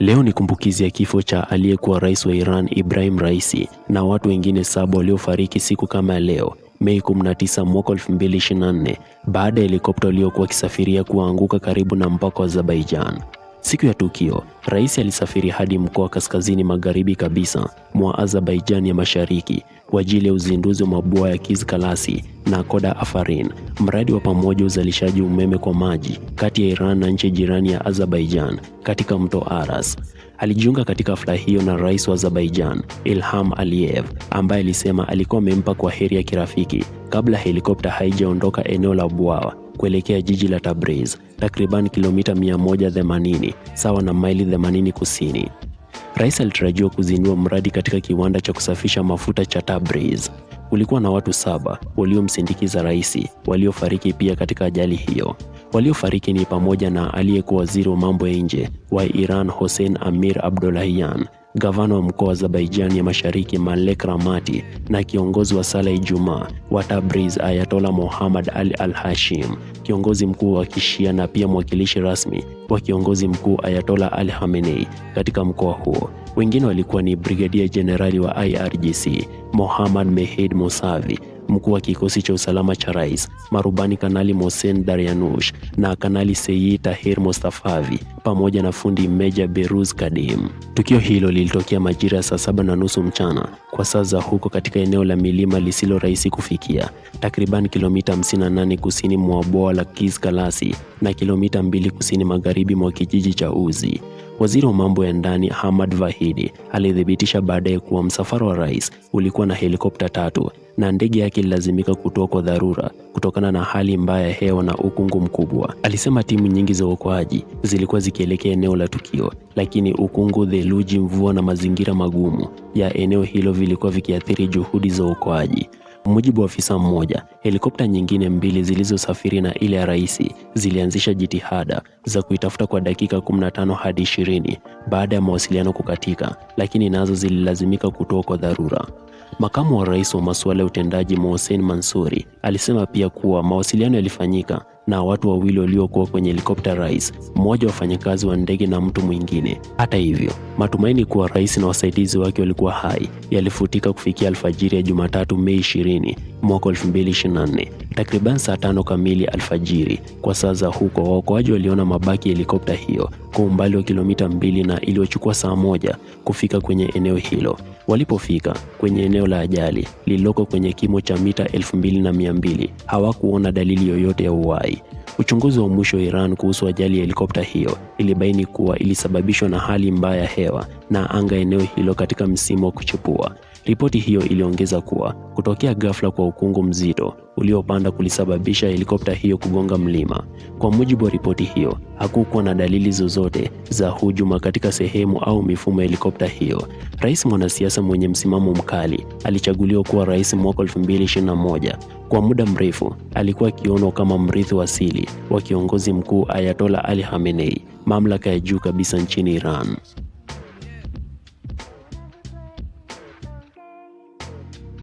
Leo ni kumbukizi ya kifo cha aliyekuwa rais wa Iran Ibrahim Raisi na watu wengine saba waliofariki siku kama leo Mei 19 mwaka 2024 baada ya helikopta waliokuwa wakisafiria kuanguka karibu na mpaka wa Azerbaijan. Siku ya tukio, rais alisafiri hadi mkoa kaskazini magharibi kabisa mwa Azerbaijan ya Mashariki kwa ajili ya uzinduzi wa mabwawa ya Kizkalasi na Koda Afarin, mradi wa pamoja uzalishaji umeme kwa maji kati ya Iran na nchi jirani ya Azerbaijan katika mto Aras. Alijiunga katika hafla hiyo na rais wa Azerbaijan, Ilham Aliyev, ambaye alisema alikuwa amempa kwa heri ya kirafiki kabla helikopta haijaondoka eneo la bwawa kuelekea jiji la Tabriz, takriban kilomita 180 sawa na maili 80 kusini. Rais alitarajiwa kuzindua mradi katika kiwanda cha kusafisha mafuta cha Tabriz. Kulikuwa na watu saba waliomsindikiza rais waliofariki pia katika ajali hiyo. Waliofariki ni pamoja na aliyekuwa waziri wa mambo ya nje wa Iran Hossein Amir Abdollahian gavana wa mkoa wa Azerbaijan ya Mashariki Malek Ramati na kiongozi wa sala Ijumaa wa Tabriz Ayatollah Mohammad Ali Al-Hashim, kiongozi mkuu wa Kishia na pia mwakilishi rasmi wa kiongozi mkuu Ayatollah Ali Khamenei katika mkoa huo. Wengine walikuwa ni Brigadia Jenerali wa IRGC Mohammad Mehid Musavi mkuu wa kikosi cha usalama cha rais, marubani Kanali Mohsen Daryanush na Kanali Seyi Tahir Mostafavi pamoja na fundi meja Beruz Kadim. Tukio hilo lilitokea majira ya saa saba na nusu mchana kwa saa za huko katika eneo la milima lisilo rahisi kufikia, takriban kilomita 58 kusini mwa bwawa la Kizkalasi na kilomita 2 kusini magharibi mwa kijiji cha Uzi. Waziri wa mambo ya ndani Hamad Vahidi alithibitisha baadaye kuwa msafara wa rais ulikuwa na helikopta tatu na ndege yake ililazimika kutua kwa dharura kutokana na hali mbaya ya hewa na ukungu mkubwa. Alisema timu nyingi za uokoaji zilikuwa zikielekea eneo la tukio, lakini ukungu, theluji, mvua na mazingira magumu ya eneo hilo vilikuwa vikiathiri juhudi za uokoaji mujibu wa afisa mmoja, helikopta nyingine mbili zilizosafiri na ile ya rais zilianzisha jitihada za kuitafuta kwa dakika 15 hadi baada ya mawasiliano kukatika, lakini nazo zililazimika kutoa kwa dharura. Makamu wa rais wa masuala ya utendaji Mohsen Mansuri alisema pia kuwa mawasiliano yalifanyika na watu wawili waliokuwa kwenye helikopta rais, mmoja wa wafanyakazi wa ndege na mtu mwingine. Hata hivyo, matumaini kuwa rais na wasaidizi wake walikuwa hai yalifutika kufikia alfajiri ya Jumatatu, Mei 20 mwaka 2024 takriban saa tano kamili alfajiri kwa saa za huko. Waokoaji waliona mabaki ya helikopta hiyo kwa umbali wa kilomita mbili na iliyochukua saa moja kufika kwenye eneo hilo. Walipofika kwenye eneo la ajali lililoko kwenye kimo cha mita elfu mbili na mia mbili hawakuona dalili yoyote ya uhai. Uchunguzi wa mwisho wa Iran kuhusu ajali ya helikopta hiyo ilibaini kuwa ilisababishwa na hali mbaya ya hewa na anga eneo hilo katika msimu wa kuchipua. Ripoti hiyo iliongeza kuwa kutokea ghafla kwa ukungu mzito uliopanda kulisababisha helikopta hiyo kugonga mlima. Kwa mujibu wa ripoti hiyo, hakukuwa na dalili zozote za hujuma katika sehemu au mifumo ya helikopta hiyo. Rais, mwanasiasa mwenye msimamo mkali, alichaguliwa kuwa rais mwaka 2021. Kwa muda mrefu alikuwa akionwa kama mrithi wa asili wa kiongozi mkuu Ayatollah Ali Khamenei, mamlaka ya juu kabisa nchini Iran.